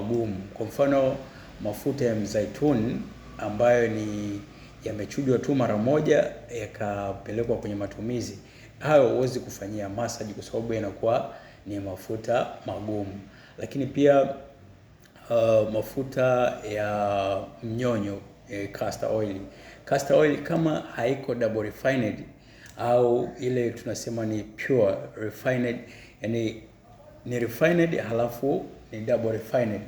magumu. Kwa mfano mafuta ya mzaituni ambayo ni yamechujwa tu mara moja yakapelekwa kwenye matumizi, hayo huwezi kufanyia massage kwa sababu yanakuwa ni mafuta magumu. Lakini pia uh, mafuta ya mnyonyo eh, castor oil. Castor oil kama haiko double refined au ile tunasema ni pure refined, yani ni refined halafu ni double refined.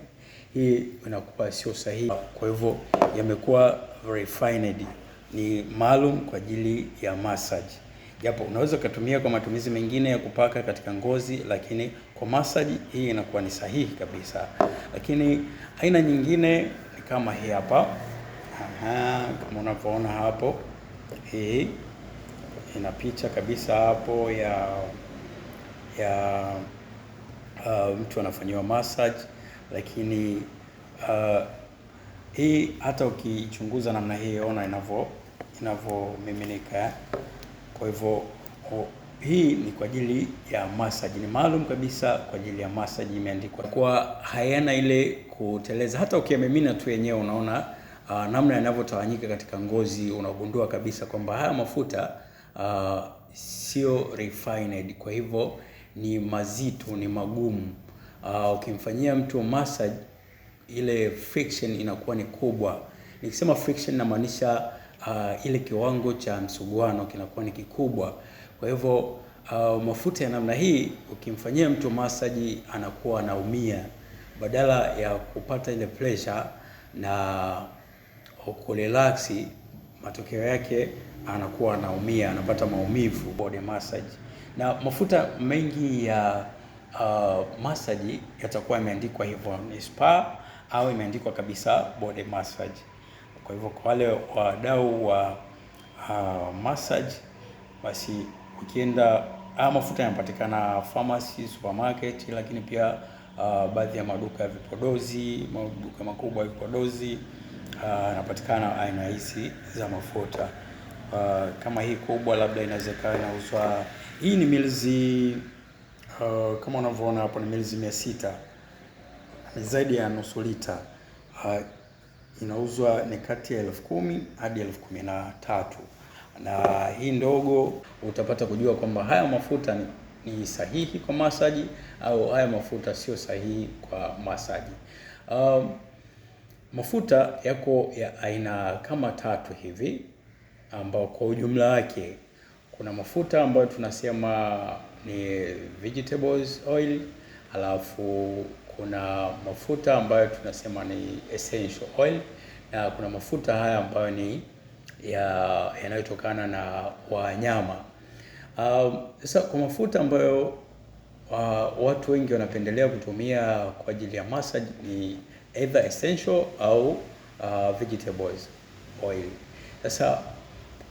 Hii inakuwa sio sahihi, kwa hivyo yamekuwa refined, ni maalum kwa ajili ya massage, japo unaweza ukatumia kwa matumizi mengine ya kupaka katika ngozi, lakini kwa massage hii inakuwa ni sahihi kabisa. Lakini aina nyingine ni kama hii hapa. Aha, kama unavyoona hapo, hii ina picha kabisa hapo ya ya uh, mtu anafanyiwa massage, lakini uh, hii hata ukichunguza namna hii ona inavyo inavyomiminika. Kwa hivyo hii ni kwa ajili ya massage, ni maalum kabisa kwa ajili ya massage, imeandikwa kwa hayana ile kuteleza. Hata ukiamimina tu yenyewe unaona uh, namna yanavyotawanyika katika ngozi, unagundua kabisa kwamba haya mafuta uh, sio refined. Kwa hivyo ni mazito, ni magumu. Uh, ukimfanyia mtu massage ile friction inakuwa ni kubwa. Nikisema friction namaanisha uh, ile kiwango cha msuguano kinakuwa ni kikubwa. Kwa hivyo uh, mafuta ya namna hii ukimfanyia mtu massage anakuwa anaumia badala ya kupata ile pressure na kurelax, matokeo yake anakuwa anaumia, anapata maumivu body massage na mafuta mengi ya uh, massage yatakuwa yameandikwa hivyo ni spa au imeandikwa kabisa body massage. Kwa hivyo kwa wale wadau wa uh, massage, basi ukienda haya ah, mafuta yanapatikana pharmacy, supermarket, lakini pia uh, baadhi ya maduka ya vipodozi, maduka makubwa ya vipodozi uh, yanapatikana uh, aina hizi za mafuta uh, kama hii kubwa labda inaweza ikawa inauzwa. Hii ni milizi uh, kama unavyoona hapo ni milizi mia sita ni zaidi ya nusu lita uh, inauzwa ni kati ya elfu kumi hadi elfu kumi na tatu na hii ndogo utapata kujua kwamba haya mafuta ni, ni sahihi kwa masaji au haya mafuta sio sahihi kwa masaji. Um, mafuta yako ya aina kama tatu hivi ambao kwa ujumla wake kuna mafuta ambayo tunasema ni vegetables oil, alafu kuna mafuta ambayo tunasema ni essential oil na kuna mafuta haya ambayo ni yanayotokana na wanyama. Um, sasa um, kwa mafuta ambayo uh, watu wengi wanapendelea kutumia kwa ajili ya massage ni either essential au uh, vegetables oil. Sasa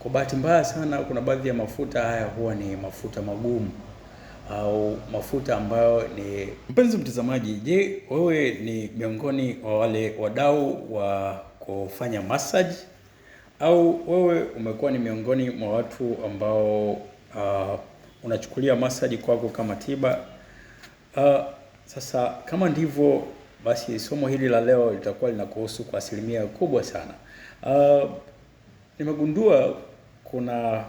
kwa bahati mbaya sana, kuna baadhi ya mafuta haya huwa ni mafuta magumu au mafuta ambayo ni. Mpenzi mtazamaji, je, wewe ni miongoni wa wale wadau wa kufanya massage au wewe umekuwa ni miongoni mwa watu ambao uh, unachukulia massage kwako kama tiba? Uh, sasa kama ndivyo basi somo hili la leo litakuwa linakuhusu kwa asilimia kubwa sana. Uh, nimegundua kuna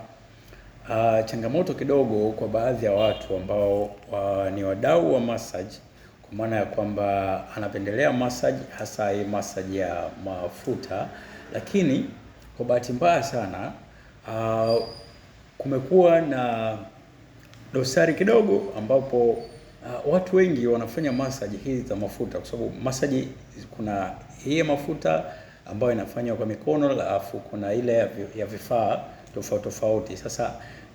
uh, changamoto kidogo kwa baadhi ya watu ambao uh, ni wadau wa massage kwa maana ya kwamba anapendelea massage hasa hii massage ya mafuta, lakini kwa bahati mbaya sana uh, kumekuwa na dosari kidogo ambapo Uh, watu wengi wanafanya massage hizi za mafuta kwa sababu massage kuna hii mafuta ambayo inafanywa kwa mikono, alafu kuna ile ya vifaa tofauti tofauti. Sasa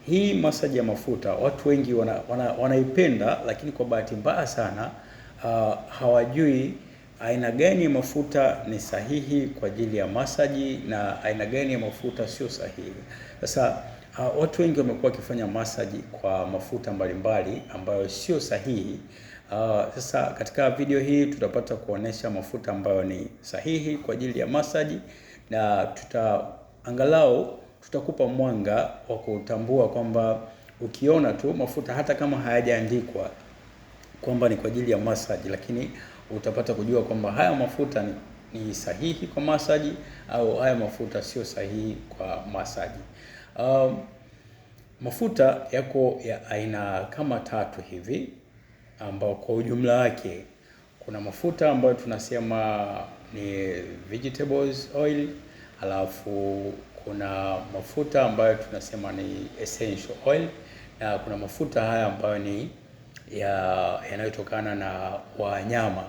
hii masaji ya mafuta watu wengi wana, wana, wanaipenda lakini kwa bahati mbaya sana uh, hawajui aina gani ya mafuta ni sahihi kwa ajili ya masaji na aina gani ya mafuta sio sahihi. Sasa uh, watu wengi wamekuwa wakifanya masaji kwa mafuta mbalimbali ambayo sio sahihi. Uh, sasa katika video hii tutapata kuonesha mafuta ambayo ni sahihi kwa ajili ya masaji na tuta angalau tutakupa mwanga wa kutambua kwamba ukiona tu mafuta hata kama hayajaandikwa kwamba ni kwa ajili ya masaji, lakini utapata kujua kwamba haya mafuta ni, ni sahihi kwa masaji au haya mafuta sio sahihi kwa masaji. Um, mafuta yako ya aina kama tatu hivi ambao kwa ujumla wake kuna mafuta ambayo tunasema ni vegetables oil, alafu kuna mafuta ambayo tunasema ni essential oil na kuna mafuta haya ambayo ni yanayotokana na wanyama.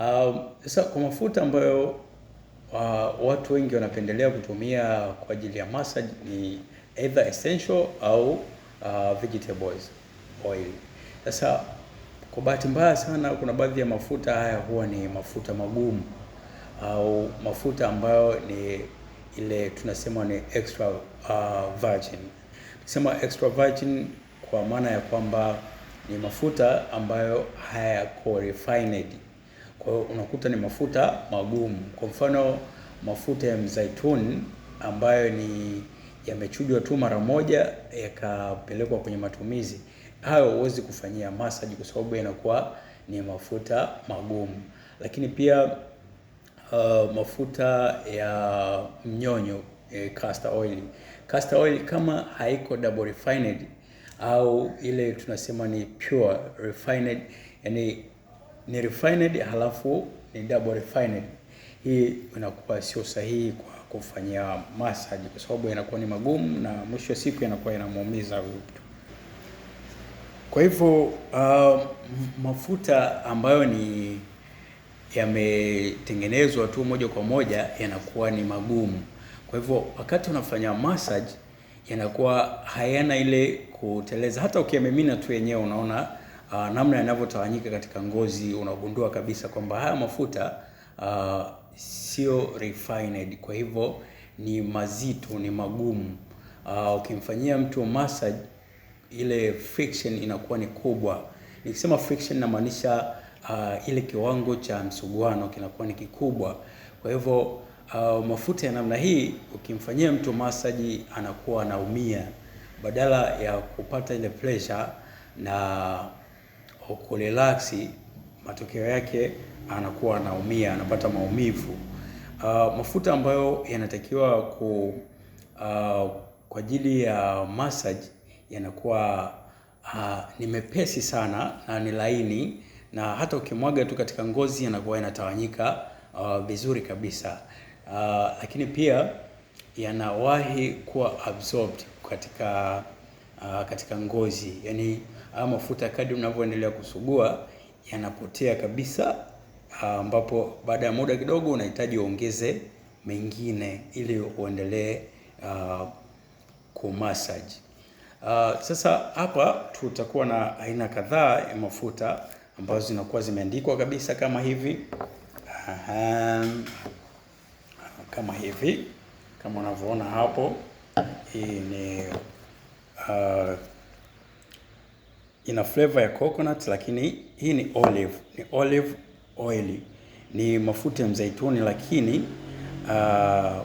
Um, sasa um, kwa mafuta ambayo uh, watu wengi wanapendelea kutumia kwa ajili ya massage ni either essential au uh, vegetables oil. Sasa kwa bahati mbaya sana, kuna baadhi ya mafuta haya huwa ni mafuta magumu au mafuta ambayo ni ile tunasema ni extra uh, virgin. Tunasema extra virgin kwa maana ya kwamba ni mafuta ambayo hayako refined. Kwa hiyo unakuta ni mafuta magumu, kwa mfano mafuta ya mzaituni ambayo ni yamechujwa tu mara moja yakapelekwa kwenye matumizi hayo, huwezi kufanyia massage kwa sababu yanakuwa ni mafuta magumu, lakini pia uh, mafuta ya mnyonyo eh, castor oil. Castor oil kama haiko double refined au ile tunasema ni pure refined, yani ni refined halafu ni double refined, hii inakuwa sio sahihi kwa kufanyia massage kwa sababu yanakuwa ni magumu na mwisho wa siku yanakuwa yanamuumiza huyu mtu. Kwa hivyo uh, mafuta ambayo ni yametengenezwa tu moja kwa moja yanakuwa ni magumu. Kwa hivyo wakati unafanya massage yanakuwa hayana ile kuteleza. Hata ukiamimina tu yenyewe unaona uh, namna yanavyotawanyika katika ngozi, unagundua kabisa kwamba haya mafuta uh, sio refined, kwa hivyo ni mazito, ni magumu. Uh, ukimfanyia mtu massage ile friction inakuwa ni kubwa. Nikisema friction namaanisha uh, ile kiwango cha msuguano kinakuwa ni kikubwa. Kwa hivyo uh, mafuta ya namna hii ukimfanyia mtu masaji anakuwa anaumia badala ya kupata ile pressure na kurelax, matokeo yake anakuwa anaumia, anapata maumivu. Uh, mafuta ambayo yanatakiwa ku uh, kwa ajili ya massage yanakuwa uh, ni mepesi sana na ni laini na hata ukimwaga tu katika ngozi yanakuwa yanatawanyika uh, vizuri kabisa uh, lakini pia yanawahi kuwa absorbed katika uh, katika ngozi yani, haya mafuta kadri unavyoendelea kusugua yanapotea kabisa, uh, ambapo uh, baada ya muda kidogo unahitaji uongeze mengine ili uendelee uh, massage Uh, sasa hapa tutakuwa na aina kadhaa ya mafuta ambazo zinakuwa zimeandikwa kabisa kama hivi. Aha. Kama hivi kama unavyoona hapo, hii ni uh, ina flavor ya coconut, lakini hii ni olive, ni olive oil, ni mafuta ya mzaituni, lakini uh,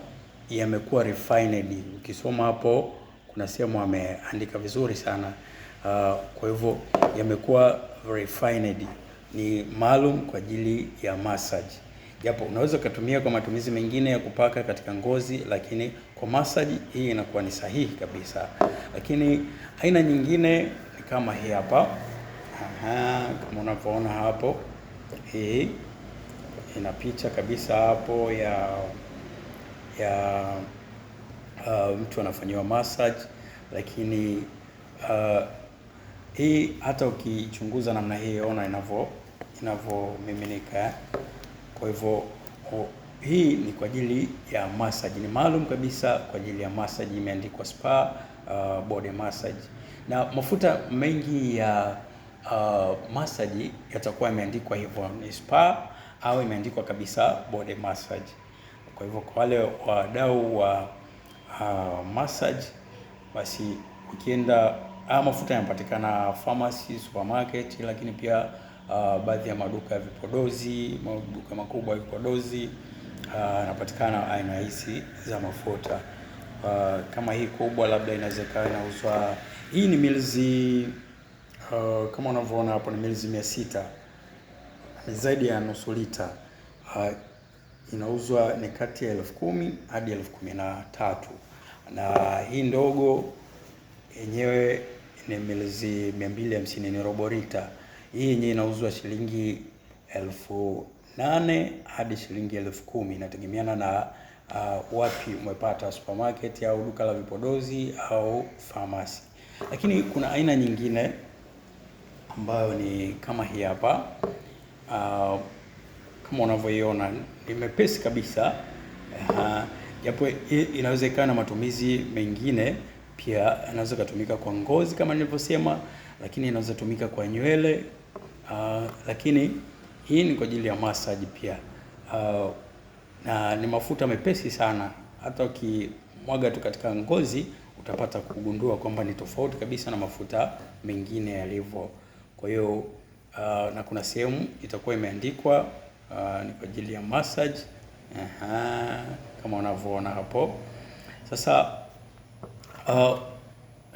yamekuwa refined. Ukisoma hapo kuna sehemu ameandika vizuri sana uh, kwa hivyo yamekuwa refined ni maalum kwa ajili ya massage, japo unaweza ukatumia kwa matumizi mengine ya kupaka katika ngozi, lakini kwa massage hii inakuwa ni sahihi kabisa. Lakini aina nyingine ni kama hii hapa. Aha, kama unavyoona hapo, hii ina picha kabisa hapo ya ya uh, mtu anafanyiwa massage lakini uh, hii hata ukichunguza namna hii, ona inavyo inavyomiminika. Eh? Kwa hivyo hii ni kwa ajili ya massage, ni maalum kabisa kwa ajili ya massage, imeandikwa spa uh, body massage, na mafuta mengi ya uh, massage yatakuwa yameandikwa hivyo, ni spa au imeandikwa kabisa body massage. Kwa hivyo kwa wale wadau wa uh, massage, basi ukienda Haya ah, mafuta yanapatikana pharmacy, supermarket, lakini pia uh, baadhi ya maduka ya vipodozi, maduka makubwa ya vipodozi ah, yanapatikana uh, aina hizi za mafuta uh, kama hii kubwa labda inaweza ikawa inauzwa, hii ni milizi uh, kama unavyoona hapo ni milizi mia sita ni zaidi ya nusu lita uh, inauzwa ni kati ya elfu kumi hadi elfu kumi na tatu na hii ndogo yenyewe ni milizi 250 ni robo lita. Hii yenyewe inauzwa shilingi elfu nane hadi shilingi elfu kumi inategemeana na uh, wapi umepata supermarket au duka la vipodozi au pharmacy. Lakini kuna aina nyingine ambayo ni kama hii hapa uh, kama unavyoiona ni mepesi kabisa, japo uh, inawezekana matumizi mengine pia anaweza kutumika kwa ngozi kama nilivyosema, lakini inaweza tumika kwa nywele uh, lakini hii ni kwa ajili ya massage pia uh, na ni mafuta mepesi sana, hata ukimwaga tu katika ngozi utapata kugundua kwamba ni tofauti kabisa na mafuta mengine yalivyo. Kwa hiyo uh, na kuna sehemu itakuwa imeandikwa uh, ni kwa ajili ya massage. Aha, kama unavyoona hapo sasa Uh,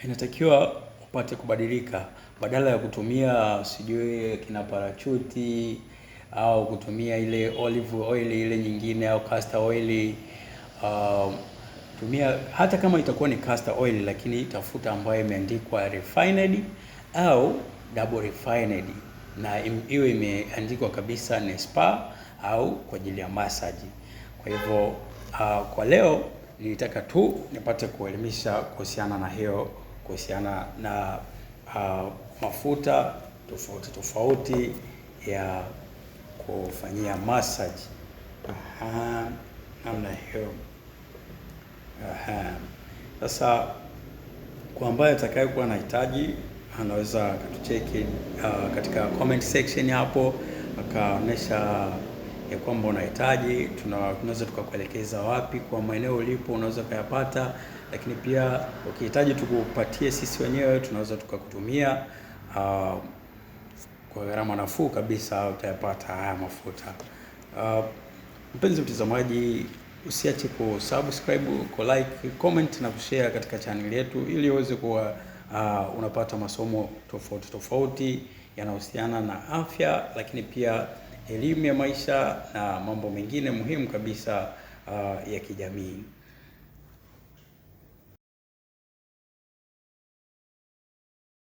inatakiwa upate kubadilika badala ya kutumia sijui kina parachuti au kutumia ile olive oil ile nyingine au castor oil. Uh, tumia hata kama itakuwa ni castor oil, lakini tafuta ambayo imeandikwa refined au double refined na iwe imeandikwa kabisa ni spa au kwa ajili ya massage. Kwa hivyo uh, kwa leo nilitaka tu nipate kuelimisha kuhusiana na hiyo, kuhusiana na uh, mafuta tofauti tofauti ya kufanyia massage. Aha, namna hiyo. Aha. Sasa kwa ambaye atakayekuwa anahitaji anaweza akatucheki uh, katika comment section hapo akaonesha ya kwamba unahitaji, tunaweza tukakuelekeza wapi kwa maeneo ulipo unaweza ukayapata, lakini pia ukihitaji tukupatie sisi wenyewe tunaweza tukakutumia uh, kwa gharama nafuu kabisa utayapata haya mafuta. Uh, mpenzi mtazamaji, usiache subscribe, ku like, comment na kushare katika channel yetu ili uweze kuwa uh, unapata masomo tofauti tofauti yanayohusiana na afya, lakini pia elimu ya maisha na mambo mengine muhimu kabisa uh, ya kijamii.